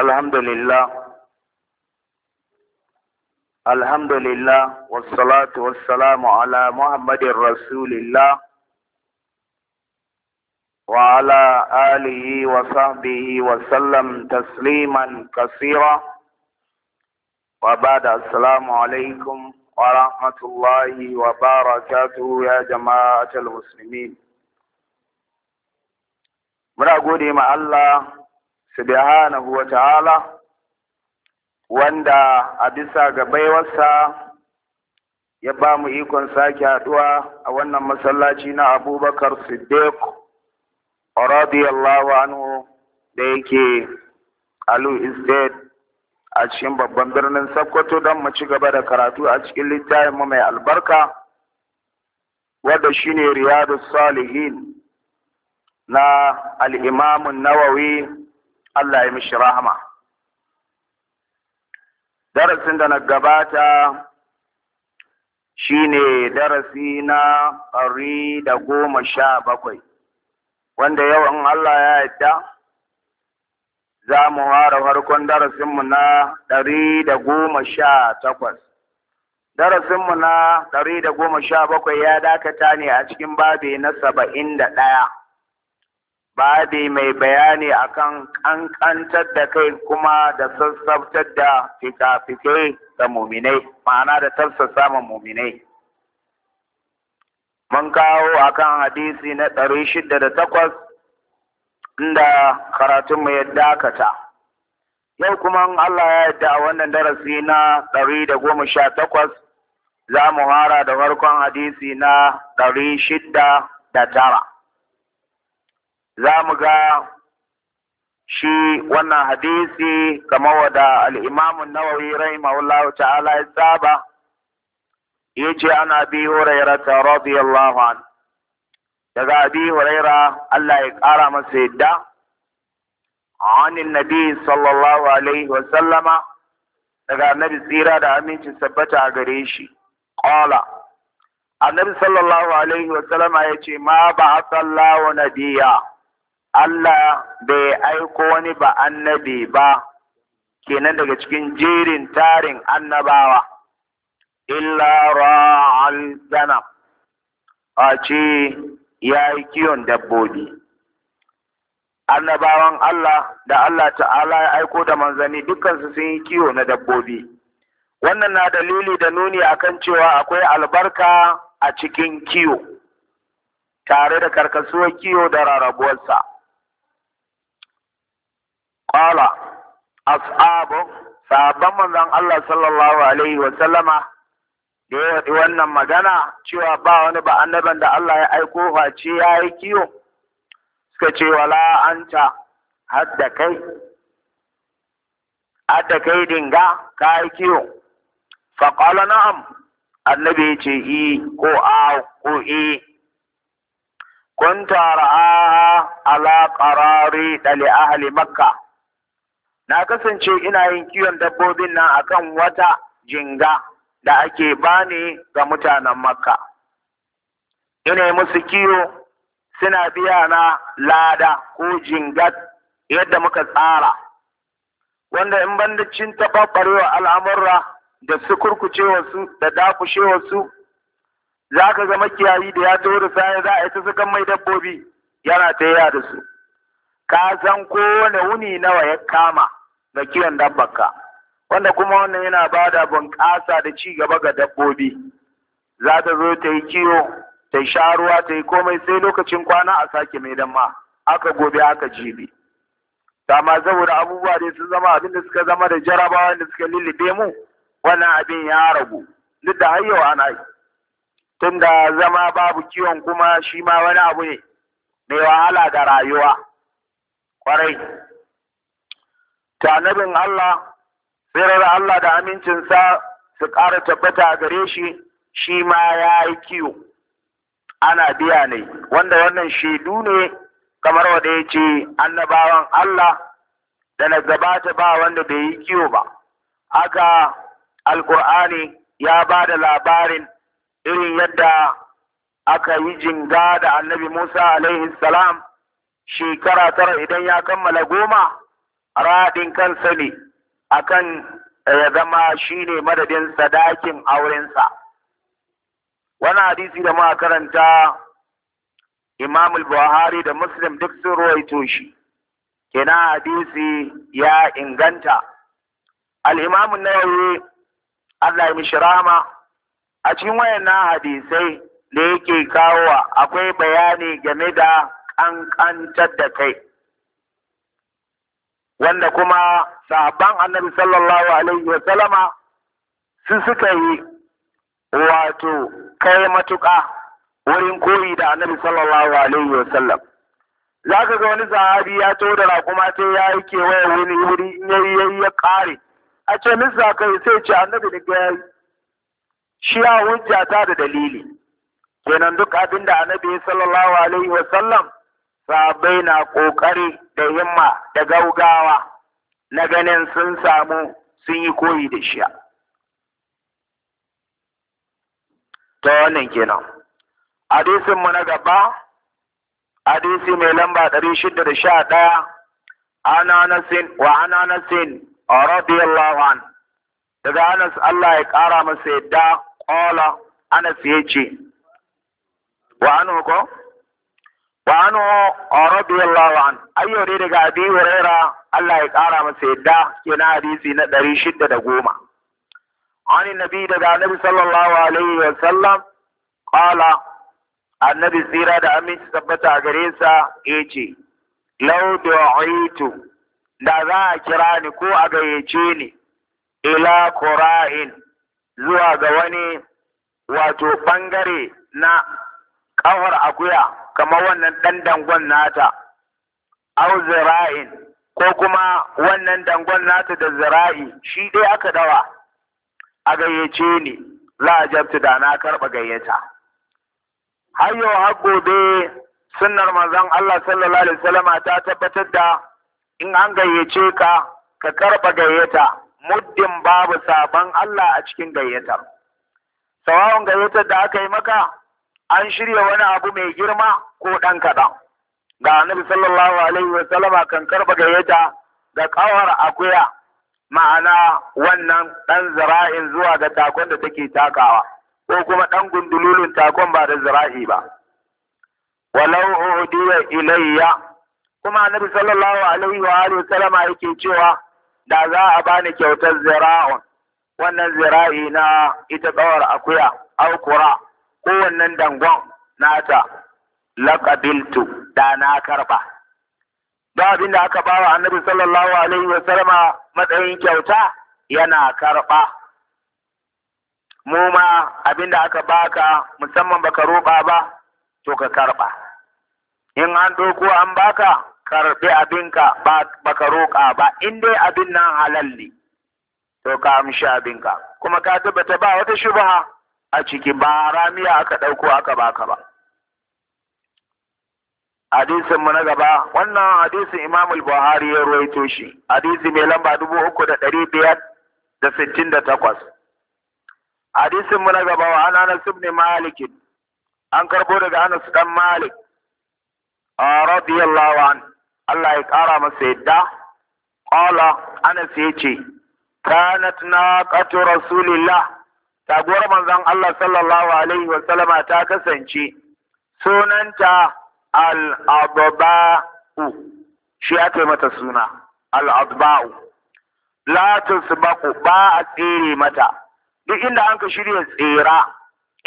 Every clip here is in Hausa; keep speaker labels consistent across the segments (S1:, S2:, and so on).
S1: الحمد لله الحمد لله والصلاة والسلام على محمد رسول الله وعلى آله وصحبه وسلم تسليما كثيرا وبعد السلام عليكم ورحمة الله وبركاته يا جماعة المسلمين. Muna gode ma Allah subhanahu wa ta'ala wanda a bisa ga baiwarsa ya ba mu ikon sake haɗuwa a wannan masallaci na abubakar siddiq radiyallahu anhu da yake alu estate a cikin babban birnin sokoto don mu ci gaba da karatu a cikin littafin mu mai albarka wadda shine riyadu salihin na al'imamin nawawi Allah ya mishi rahama darasin da na gabata shine darasi na ɗari da goma sha bakwai wanda yawan Allah ya yadda za mu fara farkon darasinmu na ɗari da goma sha takwas. Darasinmu na ɗari da goma sha bakwai ya dakata ne a cikin babi na saba'in da ɗaya. babi mai bayani akan kankantar da kai kuma da sassabtar da fikafikai da muminai ma'ana da tafsa samun muminai mun kawo akan hadisi na ɗari shida da takwas inda karatunmu ya dakata yau kuma Allah ya yadda a wannan darasi na ɗari da goma sha takwas za mu hara da farkon hadisi na ɗari shida da tara za mu ga shi wannan hadisi kamar wada al'imamun nawawi rahimahullahu ta'ala ya tsaba? ya ce ana bi huraira ta radiyallahu an daga abi huraira Allah ya ƙara masa yadda A anin nabi sallallahu alaihi wasallama daga annabi tsira da aminci sabbata a gare shi ƙola annabi sallallahu alaihi wasallama ya ce ma ba a sallawa nabiya Allah bai aiko wani ba annabi ba kenan daga cikin jerin tarin annabawa illa ra'al sana a ce ya yi kiwon dabbobi annabawan Allah da Allah ta'ala ya aiko da manzanni dukkansu sun yi kiwo na dabbobi wannan na dalili da nuni akan cewa akwai albarka a cikin kiwo tare da karkasuwar kiwo da rarrabuwarsa. Kala, ashabu sahabban manzon Allah sallallahu alaihi wa sallama da ya wannan magana cewa ba wani ba annaban da Allah ya aiko face ya yi kiyo suka ce wala anta hadda kai hadda kai dinga ka yi kiyo faƙala na'am annabi ya ce i ko a ko e kun tara ala qarari dali ahli makka na kasance ina yin kiwon dabbobin nan akan wata jinga da ake bani ga mutanen makka ina musu kiwo suna biya na lada ko jingat yadda muka tsara wanda in bandacin taɓaɓɓarewa al'amurra da su kurkucewa su da dakushewa su za ka ga makiyayi da ya taho da za a yi ta mai dabbobi yana ta yi da su ka san kowane wuni nawa ya kama Da kiwon dabbaka wanda kuma wannan yana bada da bunƙasa da ci gaba ga dabbobi za ta zo ta yi kiwo ta yi sharuwa ta yi komai sai lokacin kwana a sake mai damma aka gobe aka jibi dama saboda abubuwa dai sun zama abin da suka zama da jarabawa da suka lullube mu wannan abin ya ragu duk da har yau ana yi tunda zama babu kiwon kuma shi ma wani abu ne mai wahala da rayuwa kwarai ta Allah tsirar Allah da amincinsa su ƙara tabbata a gare shi shi ma ya yi kiwo ana biya ne wanda wannan shaidu ne kamar wanda ya ce annabawan Allah da na gabata ba wanda bai yi kiwo ba aka alkur'ani ya ba da labarin irin yadda aka yi jinga da annabi Musa alaihi salam shekara tara idan ya kammala goma raɗin kansa ne akan eh, ya zama shine madadin sadakin aurensa wani hadisi da muka karanta imam buhari da muslim duk sun ruwaito shi kenan hadisi ya inganta Al’imamun nawa nawawi Allah ya mishi rama a cikin wayannan hadisai da yake kawowa akwai bayani game da ƙanƙantar da kai
S2: wanda kuma
S1: sahabban annabi sallallahu alaihi wa sallama su suka yi wato kai matuƙa wurin koyi da annabi sallallahu alaihi wa sallam za ka ga wani sahabi ya to da raƙuma ta ya yi kewaye wani wuri in yayi ya kare a ce nisa kai sai ce annabi da ga yayi shi ya hujja ta da dalili kenan duk abin da annabi sallallahu alaihi wa sallam sabai na ƙoƙari da himma da gaugawa na ganin sun samu sun yi koyi da shi ta wannan kenan Hadisinmu na gaba hadisi mai lamba ɗari shida da sha ɗaya ana nasin wa ana nasin radiyallahu an daga anas Allah ya ƙara masa yadda ƙola anas ya ce wa anu ko وعنه رضي الله عنه أي أيوة ريدك أبي هريرة الله يقارى من سيدا كنا حديثي ندري شدة دقوما عن النبي دقى النبي صلى الله عليه وسلم قال النبي سيرا دا أمين تثبت أغريسا إيجي لو دعيت لذا ذا كو أغيجيني إلى قرائن زوا غواني واتو بنغري نا kawar akuya kamar wannan ɗan dangon nata au zira'in ko kuma wannan dangon nata da zira'i shi dai aka dawa a gayyace ni la'ajabtu da na karɓa gayyata har yau har gobe sunnar manzon Allah sallallahu alaihi wasallama ta tabbatar da in an gayyace ka ka karɓa gayyata muddin babu sabon Allah a cikin gayyatar Sawawan gayyatar da aka yi maka an shirya wani abu mai girma ko ɗan kaɗan ga annabi sallallahu alaihi wa sallama kan karba gayyata ga ƙawar akuya ma'ana wannan ɗan zira'in zuwa ga takon da take takawa ko kuma ɗan gundululun takon ba da zira'i ba walau udiya ilayya kuma annabi sallallahu alaihi wa sallama yake cewa da za a bani kyautar zira'un wannan zira'i na ita ƙawar akuya au kowannen dangon nata laqabiltu da na karba Ba abin da aka bawa annabi sallallahu alaihi wa sallama matsayin kyauta yana karba mu ma abin da aka baka musamman baka roƙa ba to ka karba in an doko an baka karbi abinka baka roƙa ba in dai abin nan halalli, to ka amshi abinka kuma ka tabbata ba wata shubha a ciki ba ramiya aka ɗauko aka baka ba hadisin mu na gaba wannan hadisin imam buhari ya ruwaito shi hadisi mai lamba dubu uku da ɗari biyar da sittin da takwas hadisin mu na gaba wa anas ibn malikin an karbo daga anas dan malik radiyallahu an Allah ya kara masa yadda qala anas yace kanat naqatu rasulillah taguwar manzon Allah sallallahu alaihi wa sallama ta kasance sunanta al-adba'u shi ake mata suna al-adba'u la tusbaqu ba a tsere mata duk inda an ka shirya tsera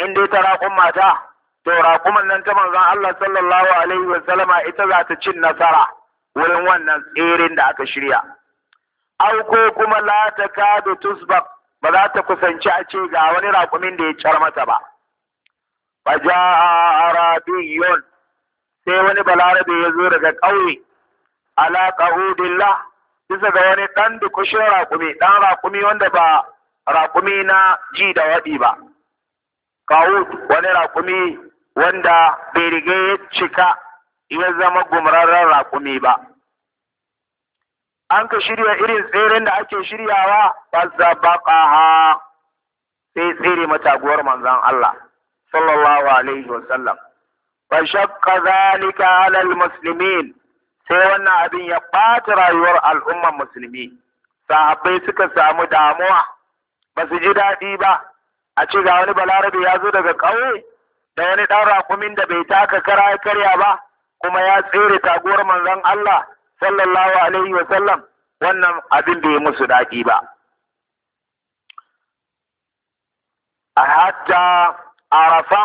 S1: in dai ta raƙun mata to raƙuman nan ta manzon Allah sallallahu alaihi wa sallama ita za ta cin nasara wurin wannan tserin da aka shirya au ko kuma la takadu tusbaq ba za ta kusanci a ce ga wani raƙumin da ya car mata ba faja arabiyun sai wani balarabe ya zo daga ƙauye ala qahudillah bisa ga wani ɗan dukushin raƙumi ɗan raƙumi wanda ba raƙumi na ji da waɗi ba kawut wani raƙumi wanda bai riga ya cika ya zama gumararren raƙumi ba an ka shirya irin tseren da ake shiryawa Ba ha sai tsere mataguwar manzan Allah sallallahu alaihi wa sallam za ni zalika halal musulmin. sai wannan abin ya ɓata rayuwar al'umman musulmi sahabbai suka samu damuwa ba su ji daɗi ba a ce ga wani balarabe ya zo daga ƙauye da wani ɗan raƙumin da bai taka kara ya karya ba kuma ya tsere taguwar manzon Allah sallallahu alaihi wa sallam wannan abin bai musu daɗi ba a hatta arafa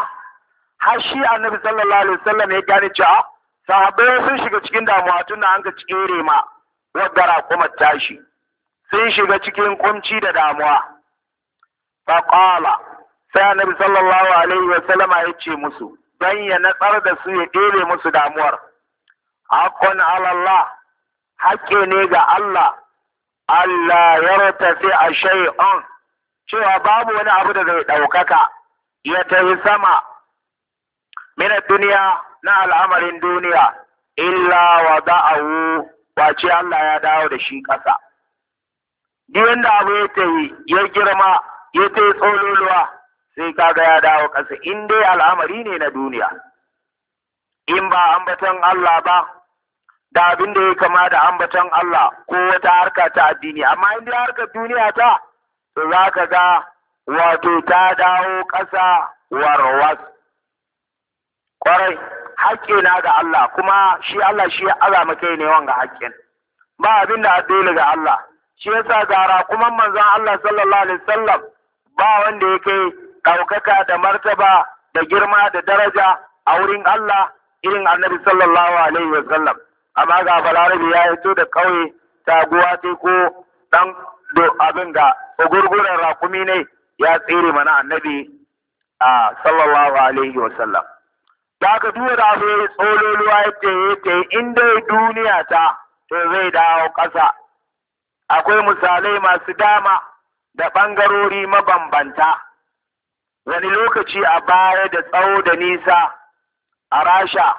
S1: har shi annabi sallallahu alaihi wa sallam ya gane cewa sahabbai sun shiga cikin damuwa tun da an ga cikin rema wadda raƙumar tashi sun shiga cikin kunci da damuwa faƙala sai annabi sallallahu alaihi wa sallama ya ce musu don ya natsar da su ya ɗere musu damuwar hakon alallah haƙƙi ne ga Allah Allah ya ratafi a shay'un cewa babu wani abu da zai ɗaukaka ya tafi sama mina duniya na al'amarin duniya illa wa da'awu wace Allah ya dawo da shi ƙasa. Duk da abu ya tafi ya girma ya tafi tsololuwa sai kaga ya dawo ƙasa in dai al'amari ne na duniya. In ba batan Allah ba da abin da ya kama da ambaton Allah ko wata harka ta addini amma in dai harkar duniya ta za ka ga wato ta dawo ƙasa warwas ƙwarai haƙƙi na ga Allah kuma shi Allah shi azama kai ne wanga haƙƙin ba abin da addini ga Allah shi yasa gara kuma manzon Allah sallallahu alaihi wasallam ba wanda ya kai ɗaukaka da martaba da girma da daraja a wurin Allah irin annabi sallallahu alaihi wasallam amma ga balarabe ya hito da ƙauye taguwa ce ko ɗan abin da gurguren rakumi ne ya tsere mana annabi a sallallahu alaihi wasallam da aka duwa da abu ya tsololuwa ya ce inda dai duniya ta to zai dawo ƙasa akwai misalai masu dama da ɓangarori mabambanta wani lokaci a baya da tsawo da nisa a rasha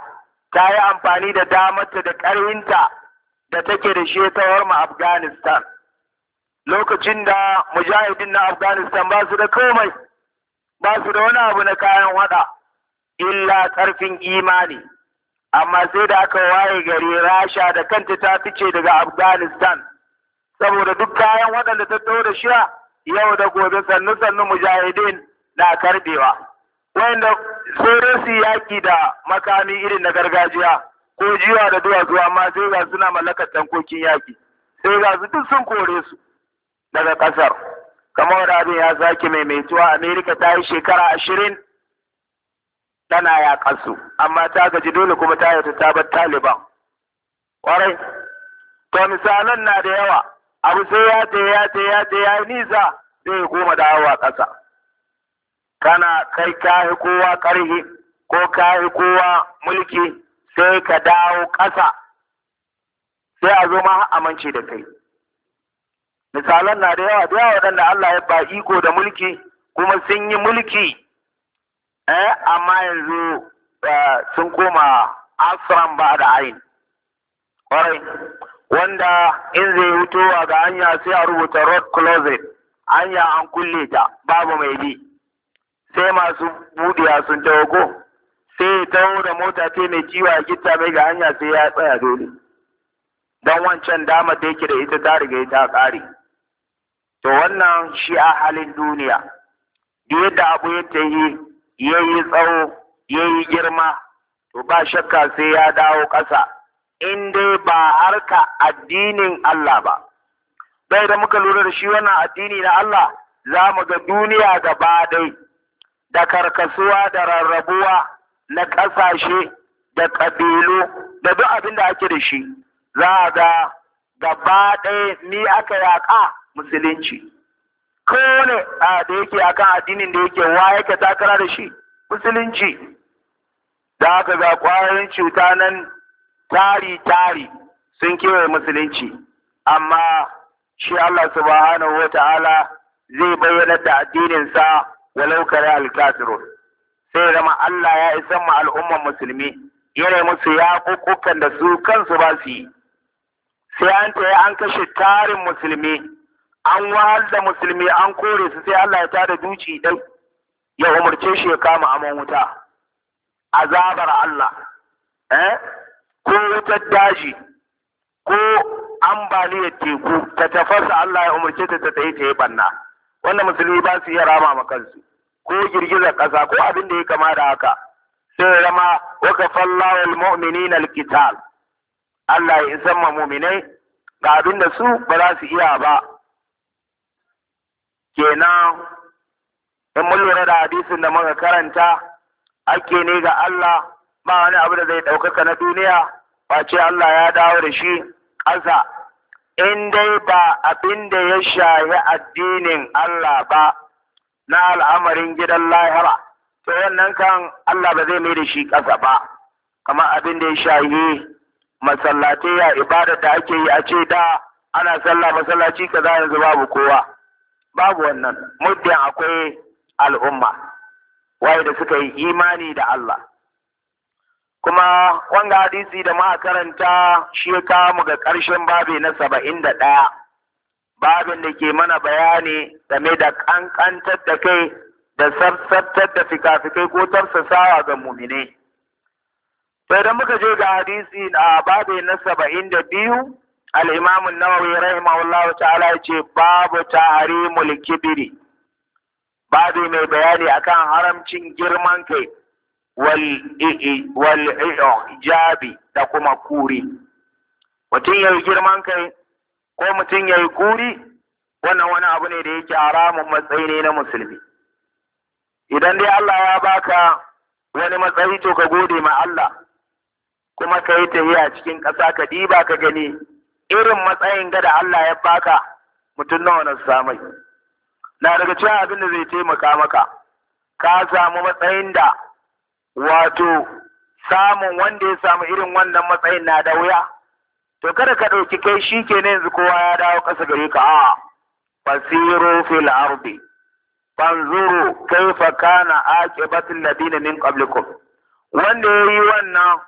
S1: ta yi amfani da damarta da ƙarfinta da take da shi ta warma Afghanistan. Lokacin da mujahidin na Afghanistan ba su da komai, ba su da wani abu na kayan wada illa ƙarfin imani. Amma sai da aka waye gari Rasha da kanta ta fice daga Afghanistan, saboda duk kayan waɗanda ta da shi yau da gobe sannu sannu mujahidin na karbewa. wanda sauran su yaƙi da makami irin na gargajiya ko jiwa da duwatsu amma sai ga suna mallakar tankokin yaƙi sai ga su duk sun kore su daga ƙasar kamar da abin ya sake maimaituwa amerika ta yi shekara ashirin tana yaƙar su amma ta gaji dole kuma ta yata ta taliban ƙwarai to misalan na da yawa abu sai ya ta ya ta ya ta ya nisa zai koma dawowa ƙasa kana kai kayi kowa ƙarfi ko kayi kowa mulki sai ka dawo ƙasa sai a zo ma amince da kai misalan na da yawa da yawa waɗanda Allah ya ba iko da mulki kuma sun yi mulki eh amma yanzu eh, sun koma asran ba da ayin ƙwarai wanda in zai hutowa ga hanya sai a rubuta road closet hanya an kulle ta babu mai bi sai masu budiya sun ta sai ya da mota sai mai ciwo a gitta mai ga hanya sai ya tsaya dole don wancan dama da yake da ita ta riga ta ƙare to wannan shi a halin duniya duk yadda abu ya yi ya yi tsawo ya yi girma to ba shakka sai ya dawo ƙasa in dai ba harka addinin Allah ba bai da muka lura da shi wannan addini na Allah za mu ga duniya gaba dai da karkasuwa da rarrabuwa na ƙasashe da ƙabilu da duk abin da ake da shi za a ga gaba ɗaya ni aka yaƙa musulunci kone a da yake akan addinin da yake wa yake takara da shi musulunci da aka ga ƙwayoyin cuta nan tari-tari sun kewaye musulunci amma shi Allah subhanahu wa ta'ala zai bayyana da addininsa walau kare alkafirun sai zama Allah ya isan ma al'umman musulmi yana musu ya kukukan da su kansu ba su yi sai an ta an kashe tarin musulmi an wahal da musulmi an kore su sai Allah ya tada duci dai ya umarce shi ya kama amon wuta azabar Allah eh ko wutar daji ko ambaliyar teku ta tafasa Allah ya umarce ta ta yi ta yi banna wanda musulmi ba su iya rama ma kansu ko girgizar ƙasa ko abin da ya kama da haka sai zama wa kafallahu na alqital Allah ya isan ma mu'minai ga abin da su ba za su iya ba kenan in mun lura da hadisin da muka karanta ake ne ga Allah ba wani abu da zai ɗaukaka na duniya Ba ce Allah ya dawo da shi ƙasa in dai ba abin da ya shahi addinin Allah ba na al'amarin gidan lahira to wannan kan Allah ba zai mai da shi ƙasa ba kamar abin da ya shahi masallatai ya ibada da ake yi a ce da ana sallah masallaci kaza yanzu babu kowa babu wannan muddin akwai al'umma waye da suka yi imani da Allah kuma wanga hadisi da ma karanta shi ya mu ga ƙarshen babi na saba'in da ɗaya babin da ke mana bayani game da ƙanƙantar da kai da sarsartar da fikafikai ko tarsasawa ga mumine to idan muka je ga hadisi a babi na saba'in da biyu al nawa an-nawawi rahimahullahu ta'ala ya ce babu tahrimul kibiri babi mai bayani akan haramcin girman kai wal'ijabi da kuma kuri. Mutum ya yi girman kai ko mutum ya yi kuri wannan wani abu ne da yake haramun matsayi ne na musulmi. Idan dai Allah ya baka wani matsayi to ka gode ma Allah kuma ka yi tafiya cikin ƙasa ka diba ka gani irin matsayin gada Allah ya baka mutum nawa na samai. Na daga cewa abin da zai taimaka maka, ka samu matsayin da wato samun wanda ya samu irin wannan matsayin na da wuya to kada ka ɗauki kai shi ke yanzu kowa ya dawo ƙasa gari ka a fasiru fil ardi fanzuru kaifa kana aqibatul ladina min qablikum wanda yayi wannan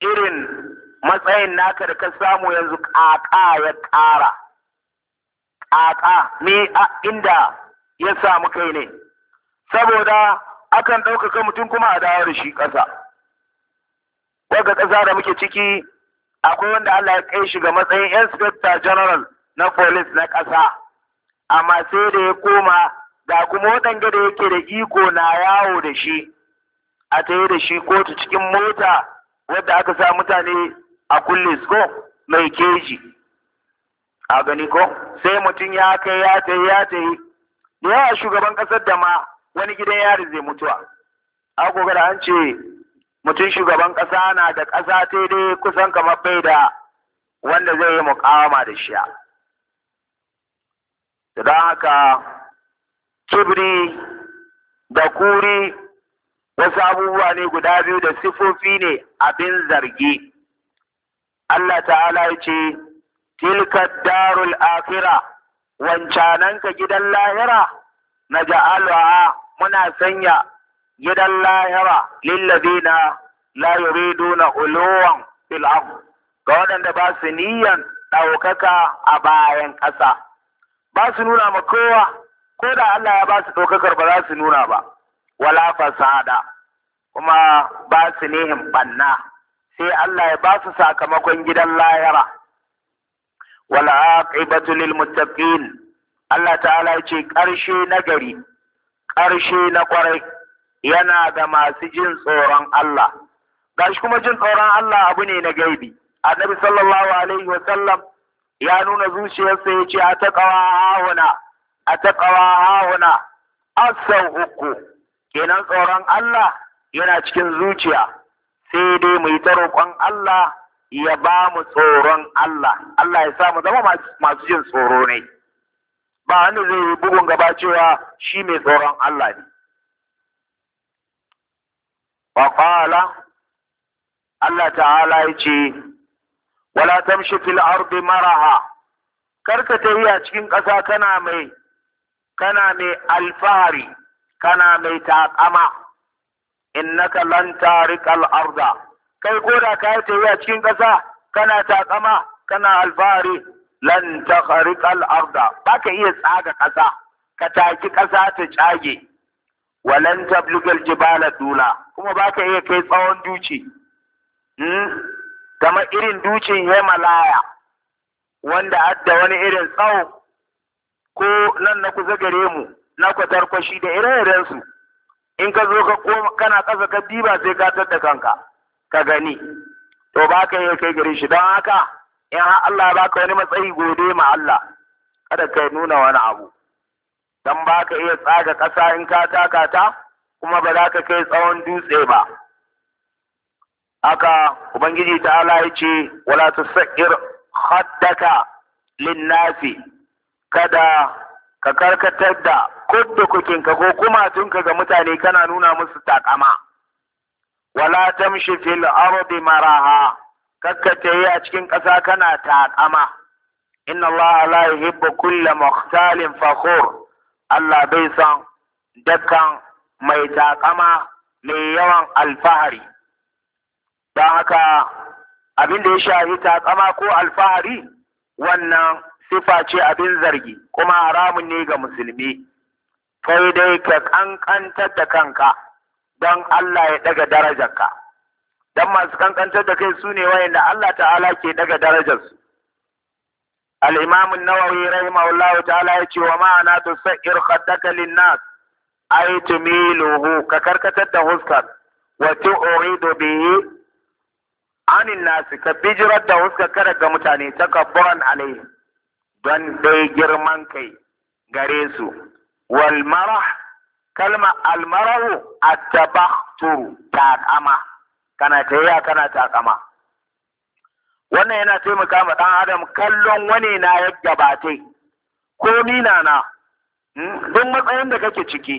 S1: irin matsayin naka da ka samu yanzu ƙaƙa ya ƙara ƙaƙa ni inda ya samu kai ne saboda akan ɗaukaka mutum kuma a dawo da shi ƙasa wanda ƙasa da muke ciki akwai wanda Allah ya kai shi ga matsayin inspector general na police na ƙasa amma sai da ya koma ga kuma waɗanda da yake da iko na yawo da shi a taye da shi kotu cikin mota wadda aka sa mutane a kulle ko mai keji a gani ko sai mutum ya kai ya tayi ya tayi da yawa shugaban ƙasar da ma wani gidan yari zai mutuwa a gobe da an ce mutum shugaban ƙasa na da ƙasa ta dai kusan kamar bai da wanda zai yi mukawama da shi don haka kibri da kuri wasu abubuwa ne guda biyu da sifofi ne abin zargi Allah ta'ala ya ce tilka darul akhira wancananka gidan lahira na ja'alwa muna sanya gidan lahira na la yuriduna uluwan fil ga waɗanda ba su niyan ɗaukaka a bayan ƙasa ba su nuna ma kowa ko da Allah ya ba su ɗaukakar ba za su nuna ba wala fasada kuma ba su nihin banna sai Allah ya ba su sakamakon gidan lahira wala aqibatu lil muttaqin Allah ta'ala ya ce ƙarshe nagari ƙarshe na ƙwarai yana da masu jin tsoron Allah gashi kuma jin tsoron Allah abu ne na gaibi annabi sallallahu alaihi wasallam ya nuna zuciyarsa ya ce a ta ƙawa hahuna a ta ƙawa hahuna asau uku kenan tsoron Allah yana cikin zuciya sai dai mu yi ta roƙon Allah ya ba mu tsoron Allah Allah ya sa mu zama masu jin tsoro ne ba hannu zai yi bugun gaba cewa shi mai tsoron Allah ne. Waƙala, Allah ta'ala ya ce, Wala tamshi fil ardi maraha, karka ta yi a cikin ƙasa kana mai, kana mai alfahari, kana mai taƙama, innaka lan tariqal arda, kai ko da ka yi ta yi a cikin ƙasa kana taƙama, kana alfahari, lan takhariqal arda ka iya tsaga ƙasa ka taki ƙasa ta cage walan tablugal jibala duna kuma ba ka iya kai tsawon duci hmm? kamar irin ducin himalaya wanda adda wani irin tsawo ko nan na kusa gare mu na kwashi da ire-iren su in ka zo ka koma kana ƙasa ka diba sai ka tadda kanka ka gani to ba ka iya kai gare shi don haka in har Allah ya baka wani matsayi gode ma Allah kada ka nuna wani abu dan ba ka iya tsaga ƙasa in ka taka ta kuma ba za ka kai tsawon dutse ba haka ubangiji ta'ala ya ce wala tusaqqir haddaka linnasi kada ka karkatar da kuddukukinka ko kuma tun ka ga mutane kana nuna musu takama wala tamshi fil ardi maraha kakkace yi a cikin ƙasa kana taƙama inna Allah la yuhibbu kulla mukhtalin fakhur Allah bai son dukkan mai taƙama mai yawan alfahari don haka abin da ya shafi taƙama ko alfahari wannan sifa ce abin zargi kuma haramun ne ga musulmi kai dai ka ƙanƙantar da kanka don Allah ya ɗaga darajarka dan masu kankantar da kai sune wayanda Allah ta'ala ke daga darajarsu al-imam an-nawawi rahimahullah ta'ala ya ce wa ma'ana tusair khaddaka lin-nas ay tumiluhu ka karkatar da huskar wa tu'ridu bihi anin nas ka bijirar da huskar kada ga mutane takabburan alaihi don dai girman kai gare su wal marah kalma al marahu at-tabahturu ta'ama kana tayya kana takama wannan yana taimaka ma ɗan adam kallon wani na ya gabate ko nina na hmm, duk matsayin da kake ciki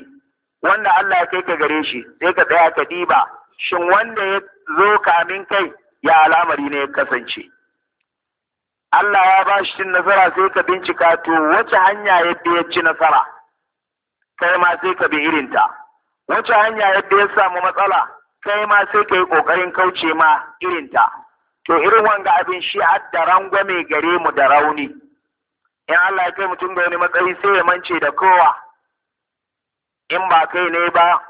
S1: wanda Allah ya kai ka gare shi sai ka tsaya ka diba shin wanda ya zo kamin kai ya al'amari ne ya kasance Allah ya ba shi cin nasara sai ka bincika to wace hanya yadda ya ci nasara kai ma sai ka bi irinta wace hanya yadda ya samu matsala kai ma sai ka yi ƙoƙarin kauce ma irin ta. To irin wanga abin shi da rangwame gare mu da rauni. In Allah ya kai mutum da wani matsayi sai ya mance da kowa. In ba kai ne ba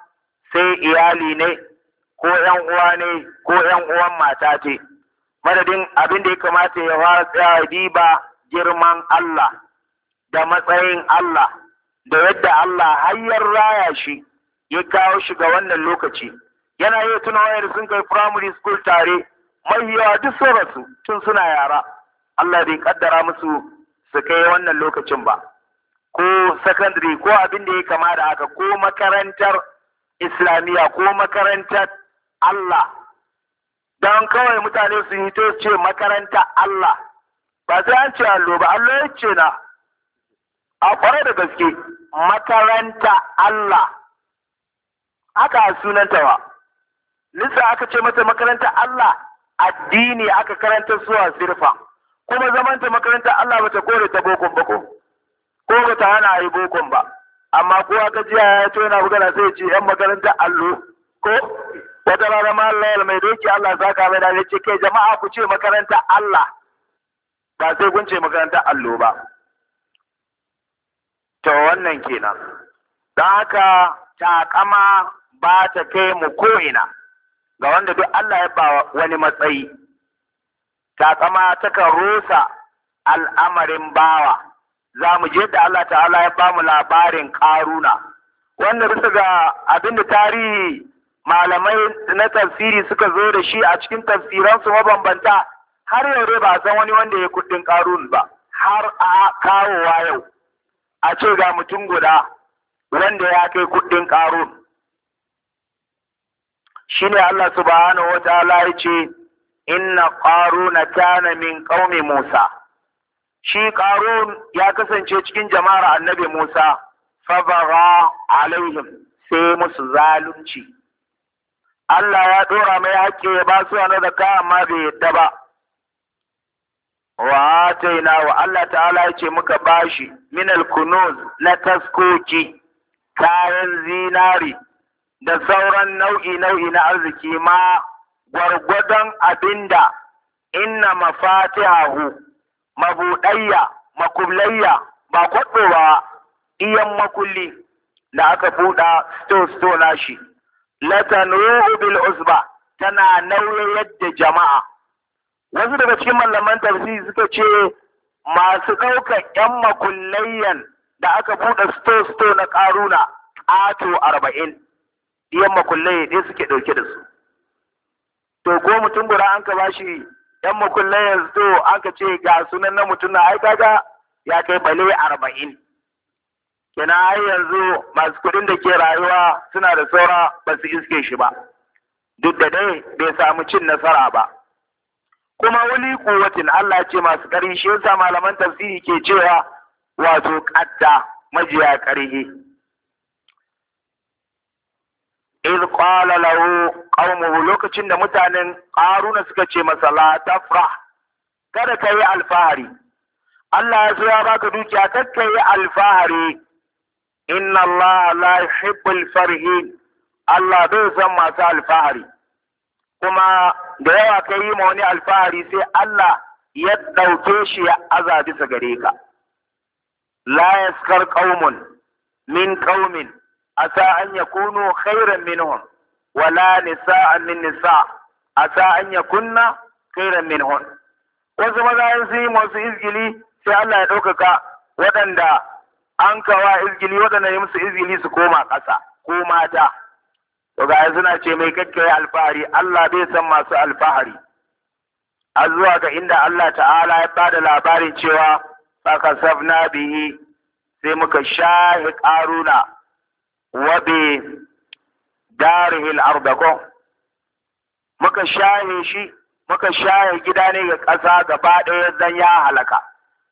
S1: sai iyali ne ko ‘yan uwa ne ko ‘yan uwan mata ce. Madadin abin da ya kamata ya fara tsaya diba girman Allah da matsayin Allah da yadda Allah har raya shi ya kawo shi ga wannan lokaci. yana iya tuna wayar sun kai primary school tare yawa duk sauransu rasu tun suna yara Allah bai kaddara musu su kai wannan lokacin ba ko secondary ko abin da ya kama da haka ko makarantar islamiyya ko makarantar Allah don kawai mutane su yi to ce makaranta Allah ba sai an ce allo ba allo ya ce na a kware da gaske makaranta Allah haka sunanta ba lissa aka ce mata makaranta Allah addini aka karanta zuwa zirfa kuma zamanta makaranta Allah bata kore ta bokon bako ko bata hana yi bokon ba amma kowa ka jiya ya to yana magana sai ce yan makarantar allo ko wata rana ma Allah mai doki Allah ka mai da kai jama'a ku ce makarantar Allah ba sai kun ce makarantar allo ba to wannan kenan don haka takama ba ta kai mu ko'ina ga wanda duk Allah ya ba wani matsayi ta takama takan rusa al'amarin bawa za mu je da Allah ta'ala ya ba mu labarin karuna wanda bisa ga abin da tarihi malamai na tafsiri suka zo da shi a cikin tafsiransu mabambanta har yau ba san wani wanda ya kudin ƙarun ba har a kawowa yau a ce ga mutum guda wanda ya kai kudin ƙarun. shine Allah subhanahu wata ya ce inna na kana min qaumi Musa shi qarun ya kasance cikin jama'ar annabi Musa fabara alaihim sai musu zalunci Allah ya ɗora mai haƙƙi ya ba su wani zaka amma bai yadda ba wa ataina wa Allah ta'ala ya ce muka bashi min al-kunuz na taskoki kayan zinari da sauran nau'i-nau'i na arziki ma gwargwadon abinda inna mafatihahu mabuɗayya makullayya ba kwaɗowa iyan makulli da aka buɗa sto-sto nashi latanuhu bil usba tana nauyin yadda jama'a wasu daga cikin malaman tafsiri suka ce masu ɗaukar 'yan makullayyan da aka buɗe sto-sto na ƙaruna ƙato arba'in ɗiyan makullai ne suke ɗauke da su to ko mutum guda an ka bashi yan makullai yanzu to an ka ce ga sunan na mutum na aika ga ya kai bale arba'in kina ai yanzu masu kuɗin da ke rayuwa suna da saura ba su iske shi ba duk da dai bai samu cin nasara ba kuma wani kuwatin Allah ce masu ƙarfi shi yasa malaman tafsiri ke cewa wato ƙatta majiya ƙarfi إذ قال له قومه لوكتشن دا متانن قارون سكتشي مسلا تفرح kada ka yi alfahari Allah ya so ya baka dukiya kada ka yi alfahari inna Allah la yuhibbul farihin Allah bai san masu alfahari kuma da yawa ka yi ma wani alfahari sai Allah ya ɗauke shi ya aza bisa gare ka la yaskar qaumun min qaumin asa an yakunu khairan minhun, wala nisa'an min nisa asa an kunna khairan minhun. wasu maza sun yi masu izgili sai Allah ya ɗaukaka waɗanda an kawa izgili waɗanda ya musu izgili su koma ƙasa ko mata to ga suna ce mai kakkai alfahari Allah bai san masu alfahari a zuwa ga inda Allah ta'ala ya bada labarin cewa fakasafna bihi sai muka shahi ƙaruna wa darihi al ko muka shaye shi muka shaye gida ne ga ƙasa gaba ɗaya zan ya halaka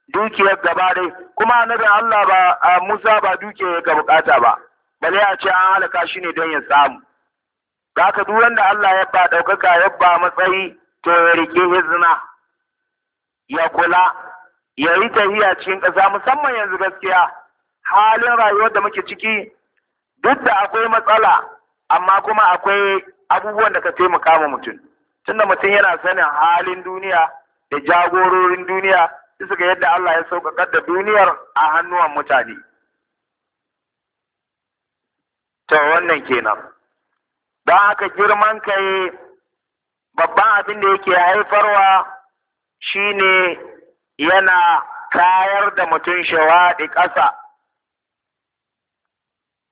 S1: dukiyar gaba ɗaya kuma annabin Allah ba Musa ba dukiyar ga bukata ba bale ya ce an halaka shi ne don ya samu zaka duk wanda Allah ya ba ɗaukaka ya ba matsayi to ya rike hizna ya kula ya yi tahiya cikin ƙasa musamman yanzu gaskiya halin rayuwar da muke ciki duk da akwai matsala amma kuma akwai abubuwan da ka taimaka ma mutum tunda mutum yana sanin halin duniya da jagororin duniya su ga yadda Allah ya sauƙaƙa da duniyar a hannuwan mutane ta wannan kenan don haka girman kai babban abin da yake haifarwa shine yana kayar da mutum shawaɗi ƙasa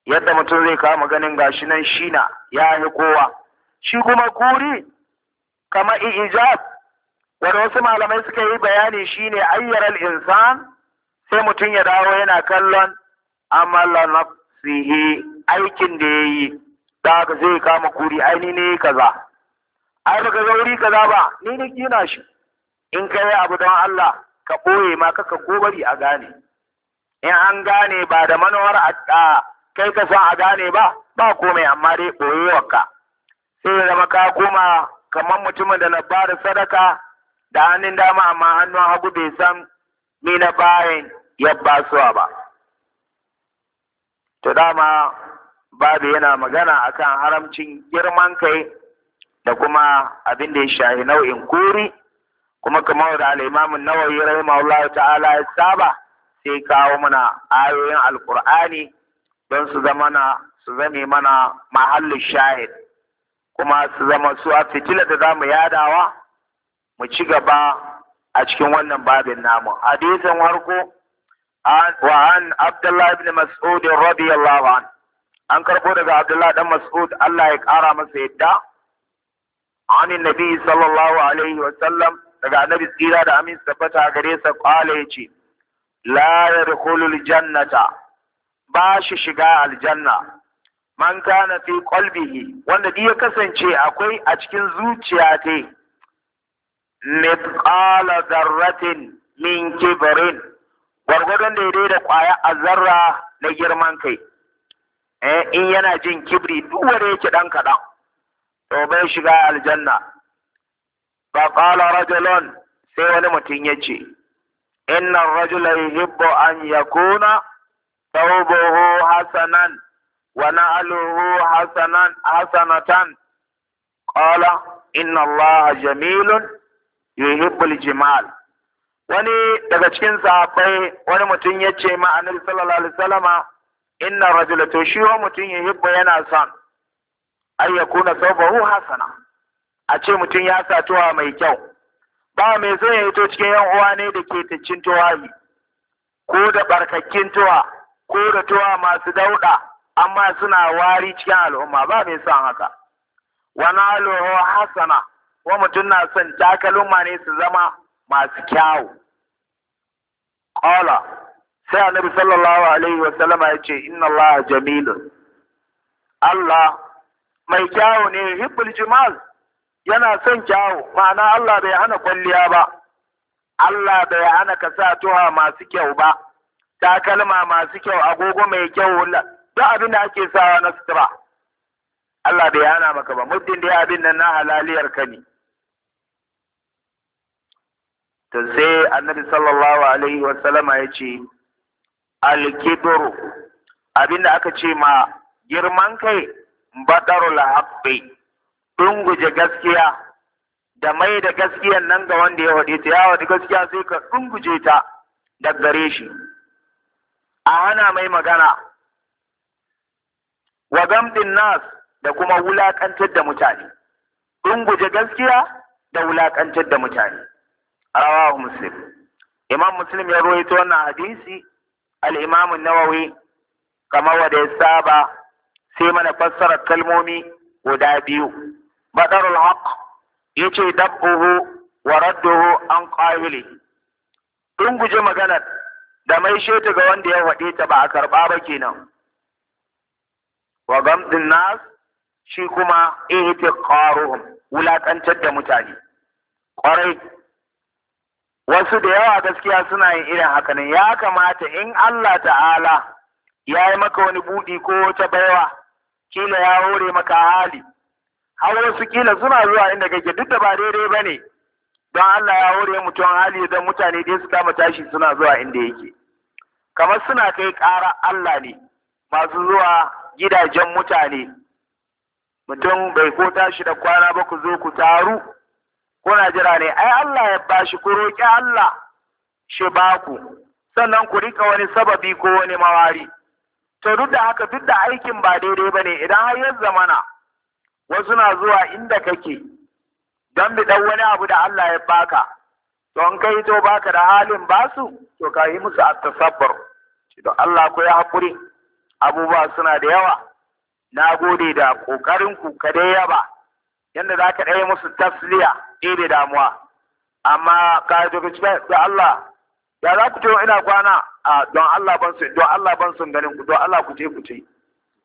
S1: yadda mutum zai kama ganin gashi nan shina ya yi kowa shi kuma kuri kama ijab wani wasu malamai suka yi bayani shine ayyaral insan sai mutum ya dawo yana kallon amala nafsihi aikin da ya yi da haka zai kama kuri aini ne kaza ai baka ga wuri kaza ba ni ne gina shi in ka yi abu don Allah ka ɓoye ma kaka gobari a gane in an gane ba da manowar a kai ka san a gane ba ba komai amma dai wakka. sai ya zama ka koma kamar mutumin da na bada sadaka da hannun dama amma hannun hagu bai san ni na bayan ya basuwa ba to dama babu yana magana akan haramcin girman kai da kuma abin da ya shahi nau'in kori, kuma kamar da al'imamin nawawi rahimahullah ta'ala ya saba sai kawo mana ayoyin alkur'ani don su zama na su zame mana mahallin shahid kuma su zama su a fitila da za mu yadawa mu ci gaba a cikin wannan babin namu hadisin harko wa an abdullahi ibn mas'ud radiyallahu an an karbo daga abdullahi dan mas'ud Allah ya kara masa yadda an nabi sallallahu alaihi wa sallam daga annabi tsira da amin tabbata gare sa kwale yace la yadkhulul jannata ba shi shiga aljanna man kana fi qalbihi wanda ya kasance akwai a cikin zuciya ta mithqala dharratin min kibrin gwargwadon daidai da kwaya a zarra na girman kai eh in yana jin kibri duk wanda yake dan kaɗan. to bai shiga aljanna fa qala rajulun sai wani mutum yace inna rajula yuhibbu an yakuna ثوبه حسنا ونعله حسنا حسنة قال إن الله جميل يحب الجمال wani daga cikin sahabbai wani mutum ya ce ma annabi sallallahu alaihi wasallama inna rajula to shi mutum ya hibba yana son ay yakuna sawbahu hasana a ce mutum ya sa tuwa mai kyau ba mai so ya hito cikin yan uwa ne da ke tacin tuwahi ko da barkakkin tuwa ko da towa masu dauɗa amma suna wari cikin al'umma ba mai son haka wani aloho hasana wa mutum na son takalma ne su zama masu kyawu ƙola sai annabi sallallahu alaihi wa sallama ya ce inna Allah jamilun Allah mai kyawu ne hibbul jimal yana son kyawu ma'ana Allah bai hana kwalliya ba Allah bai hana ka sa masu kyau ba takalma masu kyau agogo mai kyau duk abin da ake sawa na sutura Allah bai hana maka ba muddin da abin nan na halaliyar ka ne to sai annabi sallallahu alaihi wa sallama ya ce alkibru abin da aka ce ma girman kai badarul haqqi dunguje gaskiya da mai da gaskiyan nan ga wanda ya wade ta ya wade gaskiya sai ka dunguje ta daggare shi a hana mai magana wa gamdin nas da kuma wulaƙantar da mutane guje gaskiya da wulaƙantar da mutane rawahu muslim imam muslim ya rawaito wannan hadisi al-imam an-nawawi kamar wanda ya saba sai mana fassara kalmomi guda biyu badarul haqq yace dabbuhu wa radduhu an qawili guje maganar da mai ta ga wanda ya faɗe ta ba a karɓa ba kenan wa gamdin nas shi kuma ihtiqaruhum wulaƙantar da mutane ƙwarai wasu da yawa gaskiya suna yin irin hakanan ya kamata in Allah ta'ala ya yi maka wani buɗi ko wata baiwa kila ya hore maka hali har wasu kila suna zuwa inda kake duk da ba daidai ba ne don Allah ya hore mutum hali idan mutane dai su kama tashi suna zuwa inda yake kamar suna kai ƙara Allah ne masu zuwa gidajen mutane mutum bai ko tashi da kwana ba ku zo ku taru kuna jira ne ai Allah ya bashi ku roƙi Allah shi baku sannan ku rika wani sababi ko wani mawari to duk da haka duk da aikin ba daidai ba ne idan har ya zamana wasu na zuwa inda kake don bi ɗan wani abu da Allah ya baka Don kai to baka da halin basu to ka yi musu at sabbar. to Allah ku ya haƙuri abubuwa suna da yawa na gode da ƙoƙarinku ku ka dai yaba Yadda za ka ɗaya musu tasliya ɗebe damuwa amma ka zo ka da Allah ya za ku to ina kwana a don Allah ban su don Allah ban sun ganin ku don Allah ku ce ku ce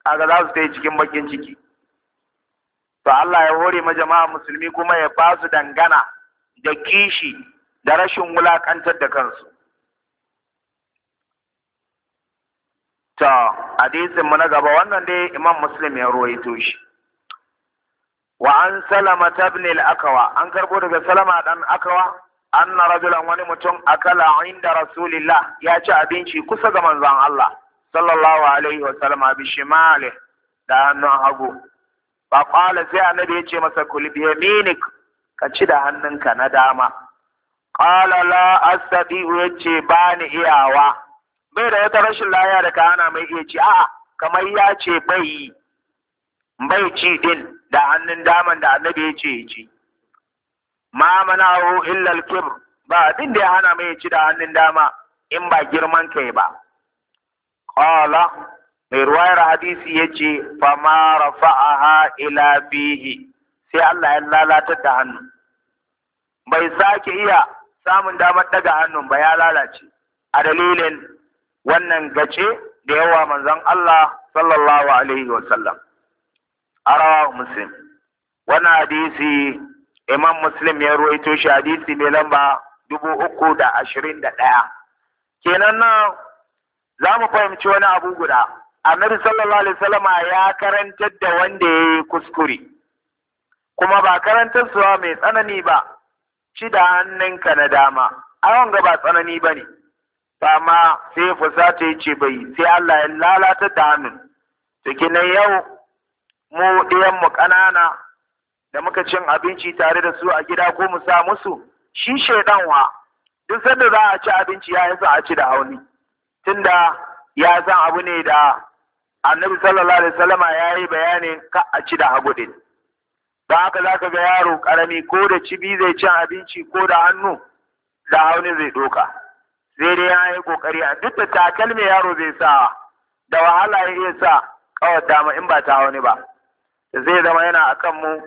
S1: kaga za su tayi cikin bakin ciki to Allah ya hore ma jama'a musulmi kuma ya ba su dangana da kishi da rashin wulaƙantar da kansu ta hadisin na gaba wannan dai imam muslim ya ruwaito shi wa an salama tabnil akawa an karbo daga salama dan akawa anna rajulan wani mutum kala inda rasulillah ya ci abinci kusa ga manzon Allah sallallahu alaihi wa sallama bi shimali da hannun hagu fa qala sai annabi ya ce masa kul bi ka ci da hannunka na dama qala la ya yace ba ni iyawa bai da wata rashin laya da ka hana mai iya ci a'a kamar ya ce bai yi bai ci din da hannun daman da annabi ya ce ci ma mana illal kibr ba abin da ya hana mai ci da hannun dama in ba girman kai ba qala mai ruwayar hadisi ya ce fa ma rafa'aha ila bihi sai Allah ya lalatar da hannu bai sake iya samun damar daga hannun ba ya lalace a dalilin wannan gace da yawa manzon Allah sallallahu alaihi wa sallam muslim wannan hadisi imam muslim ya ruwaito shi hadisi mai lamba dubu uku da ashirin da ɗaya kenan nan za mu fahimci wani abu guda annabi sallallahu alaihi wasallama ya karantar da wanda ya yi kuskure kuma ba karantar suwa mai tsanani ba ci da hannunka na dama a ga ba tsanani ba ne ma sai ta ya ce bai sai Allah ya lalata da hannun cikin yau mu ɗayan mu ƙanana da muka cin abinci tare da su a gida ko mu sa musu shi shaidan duk sanda za a ci abinci ya yi a ci da hauni tunda ya san abu ne da annabi sallallahu alaihi wasallama ya yi bayanin ka a ci da hagu ɗin Ba haka za ka ga yaro karami ko da cibi zai cin abinci ko da hannu da hauni zai doka sai dai ya yi ƙoƙari a duk da takalmi yaro zai sa da wahala ya iya sa kawar dama in ba ta hauni ba zai zama yana a kan mu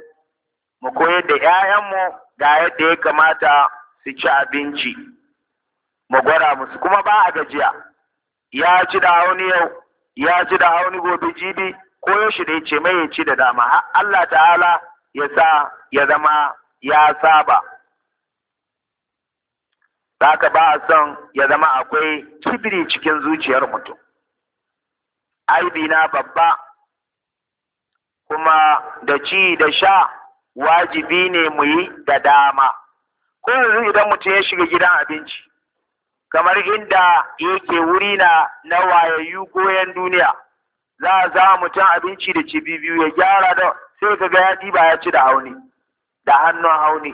S1: mu koyar da 'ya'yanmu ga yadda ya kamata su ci abinci mu gwada musu kuma ba a gajiya ya ci da hauni yau ya ci da hauni gobe jibi ko yaushe da ya ce mai ya ci da dama Allah ta'ala ya sa ya zama ya saba za ka ba a son ya zama akwai kibiri cikin zuciyar mutum aibi na babba kuma da ci da sha wajibi ne mu yi da dama ko yanzu idan mutum ya shiga gidan abinci kamar inda yake wuri na na wayayyu goyon duniya za a za mutum abinci da ci biyu ya gyara da sai ka ga ya ɗiba ya ci da hauni da hannun hauni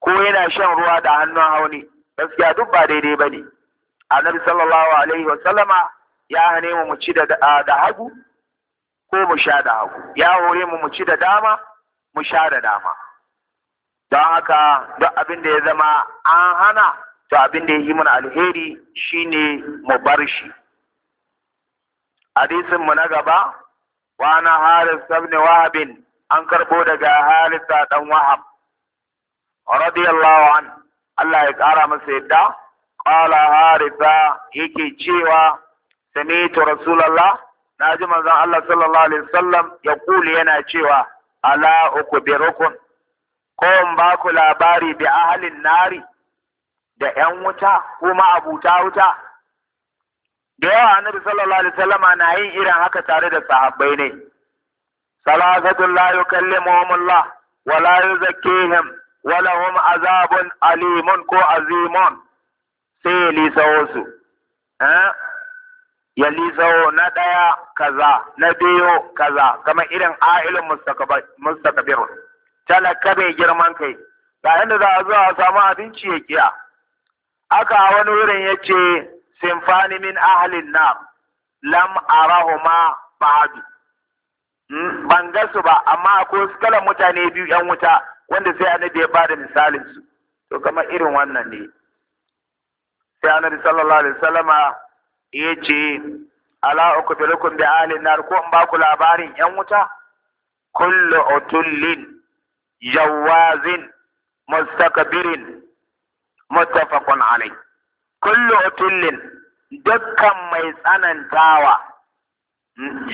S1: ko yana shan ruwa da hannun hauni gaskiya duk ba daidai ba ne annabi sallallahu alaihi wasallama ya hane mu mu ci da hagu ko mu sha da hagu ya hore mu mu ci da dama mu sha da dama don haka duk abin da ya zama an hana to abin da ya yi mana alheri shine mu bar shi hadisin mu na gaba wa na haris sabni wahabin, an karbo daga harisa dan wahab radiyallahu an Allah ya kara masa yadda qala harisa yake cewa sami'tu rasulullah naji manzon Allah sallallahu alaihi wasallam ya kuli yana cewa ala ukbirukum ko in ba ku labari bi ahlin nari da yan wuta kuma abuta wuta da yawa annabi sallallahu alaihi wasallam na yin irin haka tare da sahabbai ne salasatul la Allah wa la yuzakkihim wa lahum azabun alimun ko azimun sai lisawo su eh ya lisawo na daya kaza na biyu kaza kamar irin ailun mustaqbir talaka bai girman kai ga inda za a zo a samu abinci ya kiya aka wani wurin yace sinfani min ahlin na lam arahuma ba'du hmm? ban ga su ba amma akwai wasu kalan mutane biyu yan wuta wanda sai annabi ya bada misalin su to kamar irin wannan ne sai annabi sallallahu alaihi wasallama ya ce ala ukbirukum bi ahlin nar ko in ba ku labarin yan wuta kullu utullin yawazin mustakbirin muttafaqun alai kullu utullin dukkan mai tsanantawa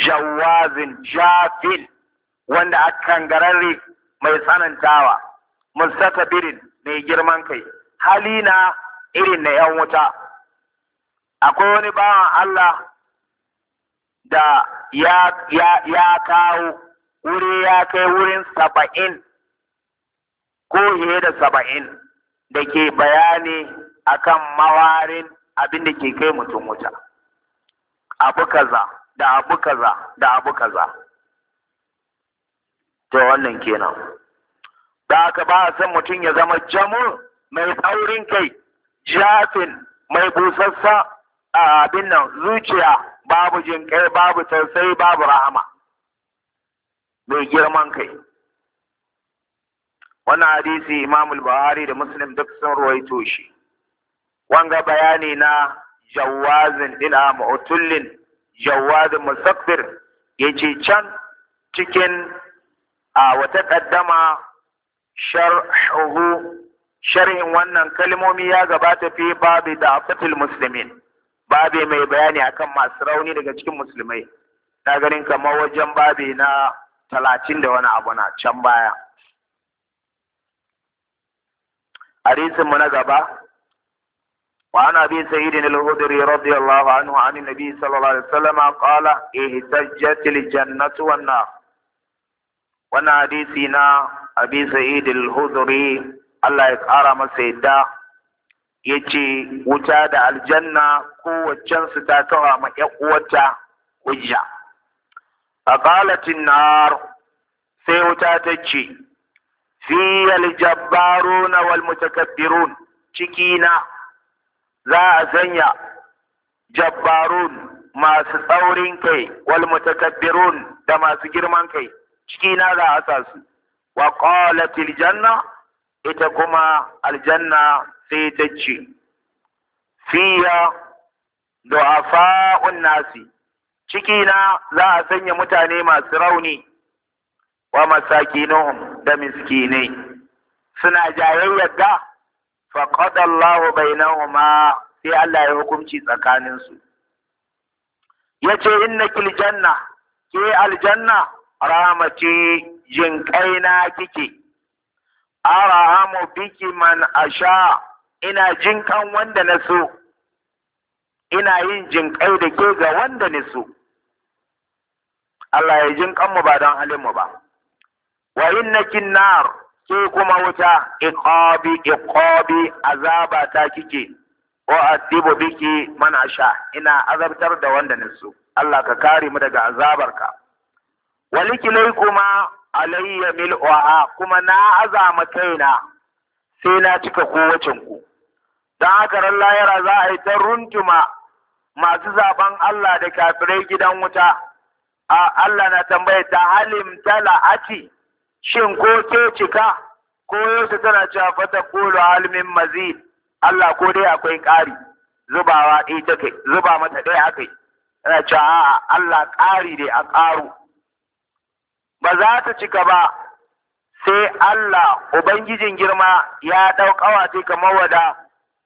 S1: jawazin jafin wanda akan gararre mai tsanantawa mustakabirin mai girman kai halina irin na yan wuta akwai wani bawan Allah da ya, ya, ya kawo wuri ya kai wurin saba'in ko da saba'in da ke bayani akan mawarin abin da ke kai mutum wuta abu kaza da abu kaza da abu kaza to wannan kenan da aka ba san mutum ya zama jamur mai tsaurin kai jafin mai busassa a abin nan zuciya babu jinkai babu tausayi babu rahama mai girman kai wannan hadisi imamul buhari da muslim duk sun ruwaito shi wanga bayani na jawazin a ma'utullin jawazin musakfir ya ce can cikin a wata kaddama sharhu sharhin wannan kalmomi ya gabata fi babu da afatil musulmin babu mai bayani akan masu rauni daga cikin musulmai ta ganin kamar wajen babi na talatin da wani abu na can baya mu na gaba وعن أبي سعيد الخدري رضي الله عنه عن النبي صلى الله عليه وسلم قال اهتجت الجنة والنار وانا حديثنا أبي سعيد الخدري الله يكرم سيدا yace wuta da aljanna kowaccensu ta kawa ma ‘yan uwata hujja. A ƙalatin nar sai wuta ta ce, Fiyal jabbaru na wal mutakabbirun ciki na za a sanya jabbarun masu tsaurin kai wal mutakabbirun da masu girman kai ciki na za a sa su wa qalatil janna ita kuma aljanna sai ta ce fiya du'afa'un nasi ciki na za a sanya mutane masu rauni wa masakinuhum da miskinai suna jayayyar da bai Allah bainahuma sai Allah ya hukunci tsakaninsu. Ya ce inna kil janna ke aljanna Ramaci, jinƙai na kike, arahamu biki man asha ina jinƙan wanda na so, ina yin jinƙai da ke ga wanda na so. Allah ya mu ba don mu ba. Wa inna kin nar ke kuma wuta iqabi iqabi azaba ta kike wa adibu biki man asha ina azabtar da wanda nasu Allah ka kare mu daga azabar azabarka walikilai kuma alayya Oa kuma na azama kaina sai na cika kowacin ku dan haka ran layara za a yi ta masu zaben Allah da kafirai gidan wuta Allah na tambaye ta halim tala'ati shin ko ce cika ko yau tana cewa fata kolo halmin mazid Allah ko dai akwai ƙari zubawa ɗai ta kai zuba mata ɗaya akai tana cewa a Allah ƙari dai a ƙaro ba za ta cika ba sai Allah ubangijin girma ya ɗau ƙawace kamar wada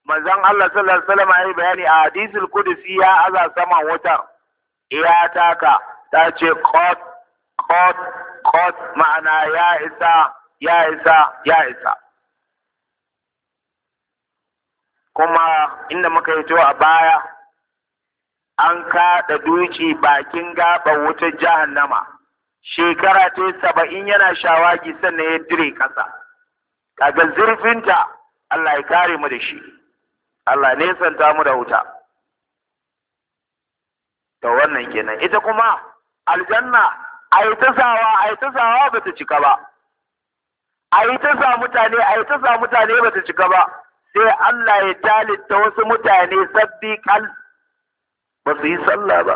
S1: manzon Allah sallallahu alaihi wasallam ya bayani a hadisul qudsi ya aza saman wutar ya taka ta ce qad qad qad ma'ana ya isa ya isa ya isa kuma inda muka yi a baya an kaɗa duci bakin gaɓar wutar jahannama shekara ta saba'in yana shawagi sannan ya dire kasa, kaga zurfinta Allah ya kare mu da shi Allah ne ta mu da wuta to wannan kenan ita kuma aljanna a yi ta zawa a yi ta zawa ba ta cika ba a yi ta sa mutane a yi ta sa mutane ba ta cika ba sai Allah ya talitta wasu mutane sabbi kal ba su yi sallah ba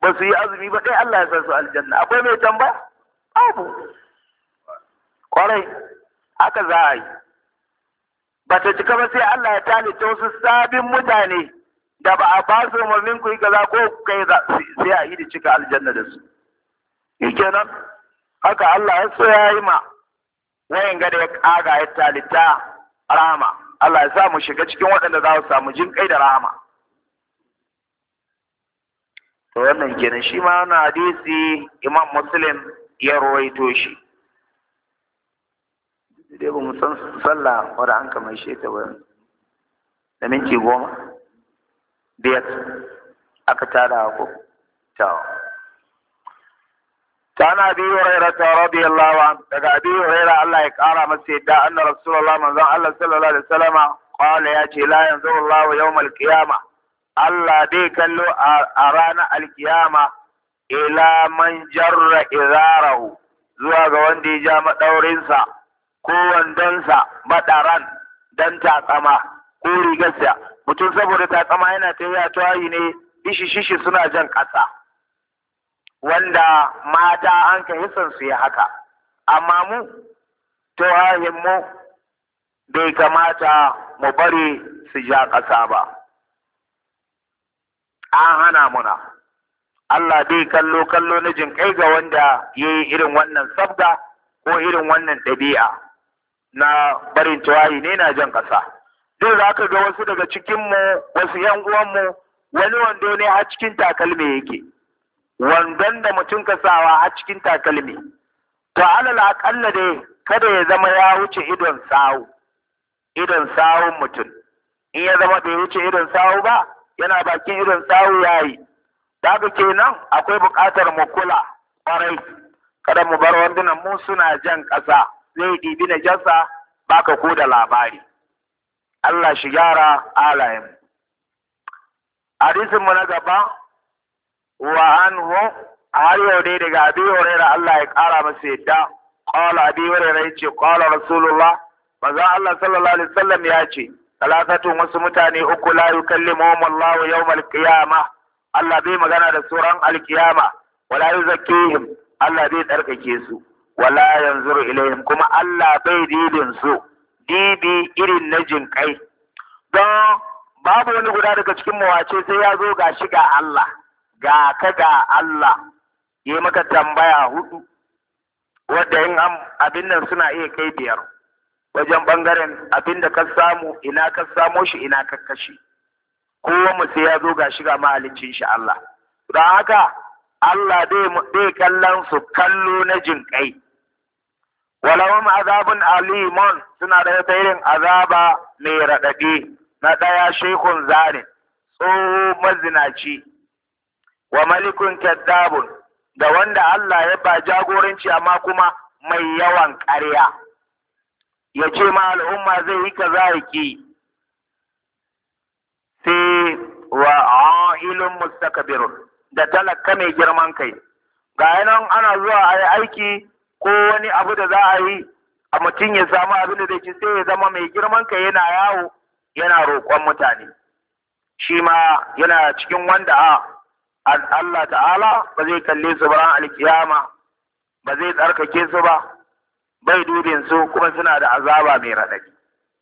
S1: ba su yi azumi ba kai Allah ya san su aljanna akwai mai tamba abu kwarai haka za a yi ba ta cika ba sai Allah ya talitta wasu sabbin mutane da ba a ba su umarnin ku yi kaza ko kai sai a yi da cika aljanna da su shikenan haka Allah ya so ya yi ma wayan gada ya kaga ya talita rahama Allah ya sa mu shiga cikin waɗanda za su samu jin kai da rahama to wannan kenan shi ma wannan hadisi Imam Muslim ya rawaito shi dai ba mu san sallah wadda an kama shi ta ba da minti goma biyar aka tara ko tawa كان أبي هريرة رضي الله عنه دقى أبي هريرة الله يقارى مسجد أن رسول الله من ذا الله صلى الله عليه وسلم قال يا لا ينظر الله يوم القيامة الله دي كلو أرانا القيامة إلى من جر إذاره zuwa ga wanda ya ja maɗaurinsa ko wandonsa maɗaran dan tatsama ko rigarsa mutum saboda tatsama yana ta yi ne ishi shishi suna jan ƙasa wanda mata an ka hisan su ya haka amma mu tawahin mu bai kamata mu bari su ja ƙasa ba an hana muna Allah bai kallo kallo na jin kai ga wanda ya yi irin wannan sabga ko irin wannan ɗabi'a na barin tuwayi ne na jan ƙasa duk za ka ga wasu daga cikinmu wasu 'yan uwanmu wani wando ne a cikin takalmi yake wandon da mutum ka sawa a cikin takalmi to alal aƙalla dai kada ya zama ya wuce idon sawu idon sawun mutum in ya zama bai wuce idon sawu ba yana bakin idon sawu yayi daga kenan akwai buƙatar mu kula ƙwarai kada mu bar wandunan mu suna jan ƙasa zai ɗibi na jasa baka ko da labari Allah shi gyara alayen. hadisin na gaba wa anhu har yau dai daga abi huraira Allah ya kara masa yadda qala abi huraira yace qala rasulullah manzo Allah sallallahu alaihi wasallam ya ce Talakatu, wasu mutane uku la yukallimuhum Allah yawmal qiyamah Allah bai magana da suran alkiyama wala yuzakkihim Allah bai tsarkake su wala yanzuru ilaihim kuma Allah bai didin su dibi irin na jinkai don babu wani guda daga cikin mawace sai ya zo ga shiga Allah ga ka ga Allah ya maka tambaya hudu wadda yin abin nan suna iya kai biyar wajen bangaren abin da ka samu ina ka samo shi ina ka kashe kowa ya zo ga shiga mahalicin shi Allah don haka Allah dai kallon su kallo na jin kai walawan azabin alimon suna da wata irin azaba mai raɗaɗe na ɗaya shekun zarin tsoho mazinaci wa malikun kaddabun da wanda Allah ya ba jagoranci amma kuma mai yawan ƙarya ya ce ma al'umma zai yi kaza ya ki sai wa ilun mustakabirun da talaka mai girman kai ga nan ana zuwa a yi aiki ko wani abu da za a yi a mutum ya samu abin da zai ci sai ya zama mai girman kai yana yawo yana roƙon mutane shi ma yana cikin wanda a Allah ta'ala ba zai kalle su ba alkiyama ba zai tsarkake su ba bai dudin su kuma suna da azaba mai raɗaɗi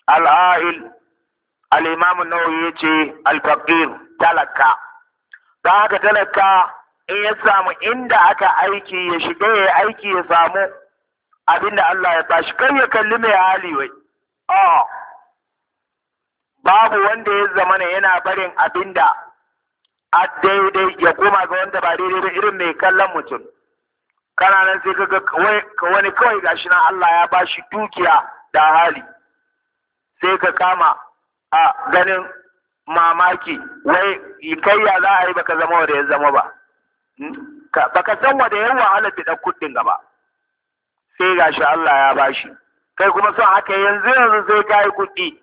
S1: al'a'il al'imamu nawawi ya ce alfaqir talaka Ba haka talaka in ya samu inda aka aiki ya shiga ya aiki ya samu abinda Allah ya bashi kar ya kalli mai hali wai oh! babu wanda ya zamana yana barin abinda a daidai ya koma ga wanda ba daidai ba irin mai kallon mutum kana nan sai kaga wani kawai gashi nan Allah ya bashi dukiya da hali sai ka kama a ganin mamaki wai kai ya za a yi baka zama wanda ya zama ba baka hmm? san wanda ya wahala da kuɗin gaba sai gashi Allah ya bashi kai kuma son haka yanzu yanzu sai ka yi kuɗi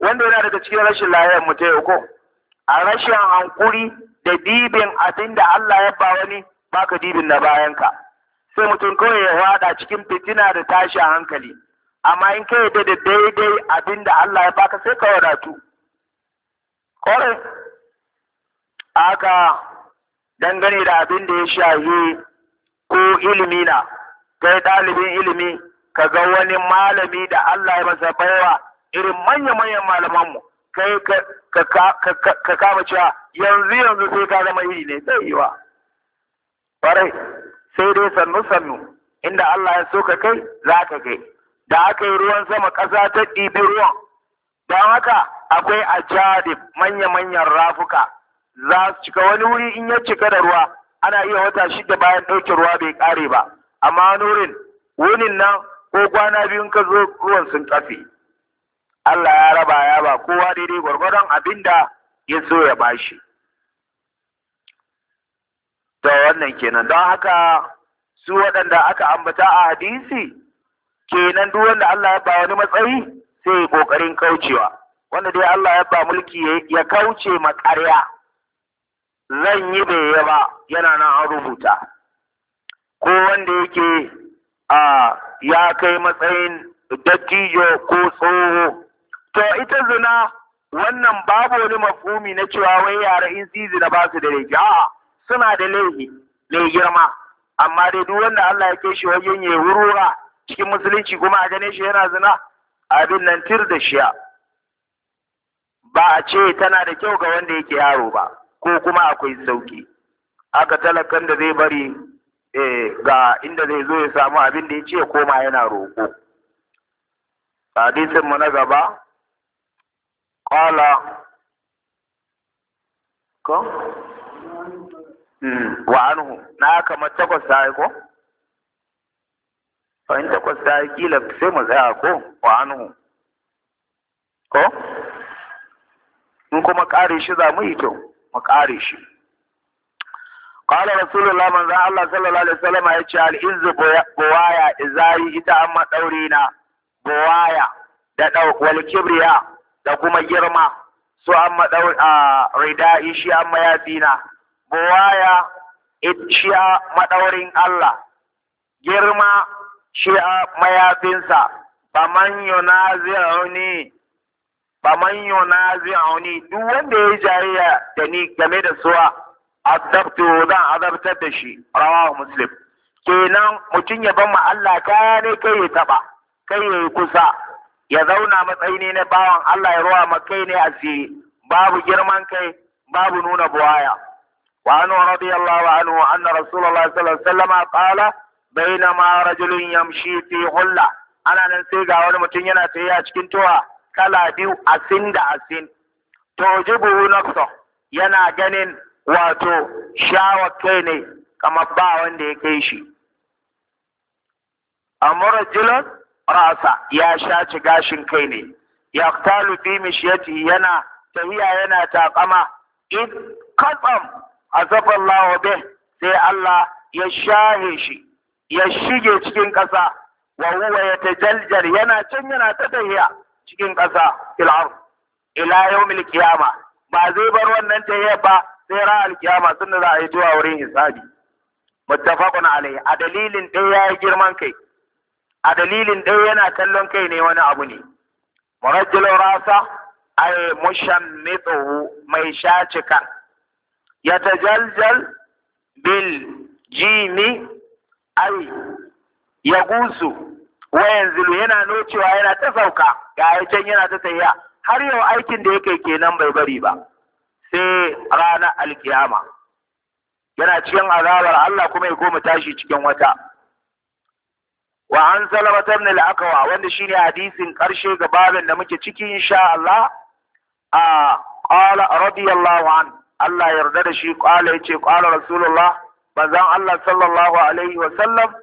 S1: wanda yana daga cikin rashin lafiyar mu ta ko a rashin hankuri da dibin abin da Allah ya ba wani baka dibin na bayanka sai mutum kawai ya wada cikin fitina da tashi hankali amma in ka yadda da daidai abin da Allah ya baka sai ka wadatu kore aka dangane da abin da ya shahi ko ilimi na kai ɗalibin ilimi ka ga wani malami da Allah ya masa baiwa irin manya-manyan malamanmu kai ka kama cewa yanzu yanzu sai ka zama iri ne zai wa ƙwarai sai dai sannu sannu inda Allah ya so ka kai za ka kai da aka yi ruwan sama ƙasa ta ɗibi ruwan don haka akwai ajadib manya-manyan rafuka za su cika wani wuri in ya cika da ruwa ana iya wata shida bayan ɗauke ruwa bai ƙare ba amma wani wurin nan ko kwana biyun ka zo ruwan sun ƙafe Allah ya raba ya ba kowa daidai gwargwadon abin da ya so ya bashi. To wannan kenan don haka su waɗanda aka ambata a hadisi kenan duk wanda Allah ya ba wani matsayi sai ya ƙoƙarin kaucewa. Wanda dai Allah ya ba mulki ya kauce ma zan yi bai ba yana nan an rubuta. Ko wanda yake a ya kai matsayin dattijo ko tsoho to ita zina wannan babu wani mafhumi na cewa wai yara in su zina ba da laifi a'a suna da laifi mai girma amma dai duk wanda Allah ya kai shi wajen ya wurwura cikin musulunci kuma a gane shi yana zina abin nan tir da shiya ba a ce tana da kyau ga wanda yake yaro ba ko kuma akwai sauki aka talakan da zai bari eh, ga inda zai zo ya samu abin da ya ce koma yana roƙo hadisin mu na gaba قال ko wa anhu na kamar takwas ta ko fahim takwas ta yi kila sai mu tsaya ko wa anhu in kuma kare shi za mu yi kyau mu kare shi قال رسول الله من ذا الله صلى الله عليه وسلم يقول العز بوايا إزاي إذا أما دورينا بوايا da wal kibriya da kuma girma su an maɗau a rida'i shi an buwaya shi maɗaurin Allah girma shi a mayafinsa faman na faman yunazi'uni duk wanda ya yi jariya da ni game da suwa azabtu zan azabtar da shi rawa muslim kenan mutum ya ban ma Allah kaya ne kai ya taba kai ya yi kusa ya zauna matsayi ne na bawan Allah ya ruwa makai ne a asiri babu girman kai babu nuna buwaya wa anhu radiyallahu anhu anna rasulullahi sallallahu alaihi wasallam qala bainama rajulun yamshi fi hulla ana nan sai ga wani mutum yana tayi a cikin towa kala biyu asin da asin jibu nafsa yana ganin wato shawa kai ne kamar ba wanda ya kai shi amma rajulun rasa ya shaci gashin kai ne ya talu bi yana tahiya yana taƙama in katsam azafallahu bih sai Allah ya shahe shi ya shige cikin ƙasa wa huwa yatajaljal yana can yana ta tahiya cikin ƙasa fil ila yawmil qiyama ba zai bar wannan tahiya ba sai ra alkiyama sun da za a yi zuwa wurin hisabi muttafaqun alaihi a dalilin dai ya girman kai a dalilin ɗaya yana kallon kai ne wani abu ne Murajjalar rasa mushan mitsuhu mai Ya ta jaljal bil ya gusu yagusu wayanzilu yana nocewa yana ta sauka ga aikin yana ta tahiya har yau aikin da yake kenan bai bari ba sai ranar alkiyama yana cikin azabar Allah kuma ya koma tashi cikin wata wa an salamatar ibn la'akawa, wanda shine hadisin ƙarshe ga babin da muke ciki insha Allah a qala radiyallahu an Allah yarda da shi qala yace qala rasulullah manzon Allah sallallahu alaihi wa sallam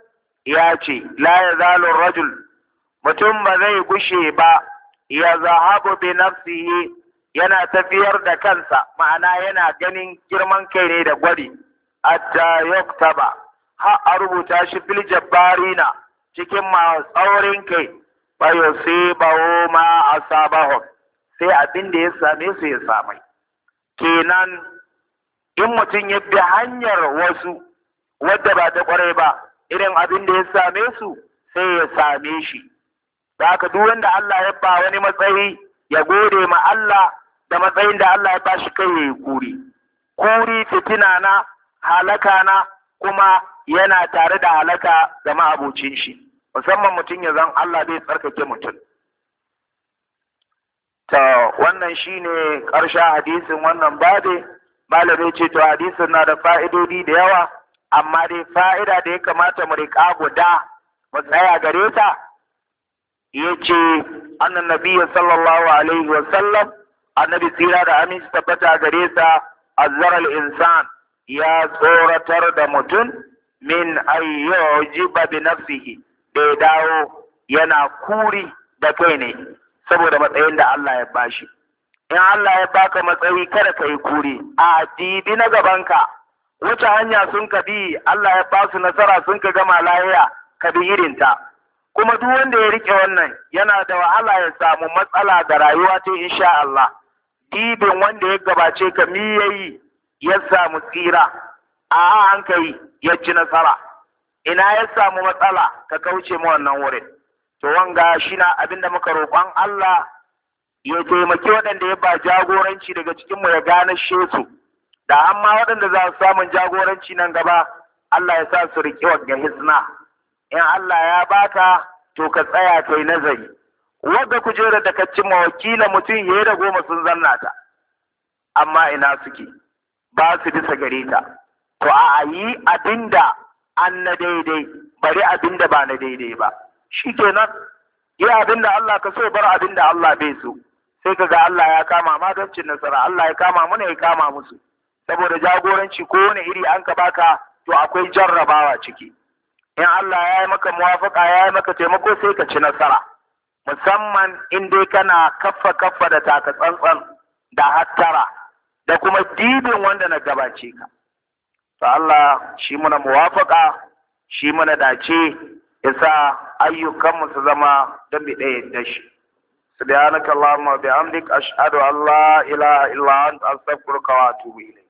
S1: ya ce la yazalu rajul mutum ba zai gushe ba ya zahabu bi nafsihi yana tafiyar da kansa ma'ana yana ganin girman kai ne da gwari hatta yuktaba har a rubuta shi fil jabbarina cikin ma tsaurin kai ba yusibahu ma asabahum sai abin da ya same su ya samai kenan in mutum ya bi hanyar wasu wadda ba ta kwarai ba irin abin da ya same su sai ya same shi da haka duk wanda Allah ya ba wani matsayi ya gode ma Allah da matsayin da Allah ya ba shi kai ya yi kuri kuri fitina na halaka na kuma yana tare da halaka ga ma'abucin shi musamman mutum ya zan Allah bai tsarkake mutum ta wannan shi ne ƙarshen hadisin wannan babe malamai ce to hadisin na da fa'idodi da yawa amma dai fa'ida da ya kamata mu riƙa guda mu tsaya gare ta yace annan nabiyyu sallallahu alaihi wa annabi tsira da aminci tabbata gare sa a zarar insan ya tsoratar da mutum min ayyajiba bi nafsihi da dawo yana kuri da kai ne saboda matsayin da Allah ya bashi in Allah ya baka matsayi kada ka yi kuri a dibi na ka. Wuce hanya sun ka bi Allah ya basu nasara sun ka gama lahiya ka bi irin ta. kuma duk wanda ya rike wannan yana da wahala ya samu matsala da rayuwa ta insha Allah dibin wanda ya gabace ka miyayi ya samu tsira a an ya ci nasara ina ya samu matsala ka kauce mu wannan wurin to wanga shi na abin muka roƙon Allah ya taimaki waɗanda ya ba jagoranci daga cikin mu ya gane su da amma waɗanda za su samun jagoranci nan gaba Allah ya sa su riƙe ga hisna in Allah ya baka to ka tsaya kai nazari wadda kujerar da ka cimma wakila mutum ya da goma sun zanna ta amma ina suke ba su bisa gare ta to a yi abinda an na daidai bari abin da ba na daidai ba shi kenan yi abin da Allah ka so bar abin da Allah bai so sai ka ga Allah ya kama ma nasara Allah ya kama mu ya kama musu saboda jagoranci ko wani iri an ka baka to akwai jarrabawa ciki in Allah ya yi maka muwafaka ya yi maka taimako sai ka ci nasara musamman in dai kana kaffa kaffa da taka tsantsan da hattara da kuma dibin wanda na gabace ka to Allah shi muna muwafaka shi muna dace sa ayyukanmu su zama don bi ɗaya da shi subhanakallahumma na bihamdik ashhadu an la ilaha illa anta astaghfiruka wa atubu ilayk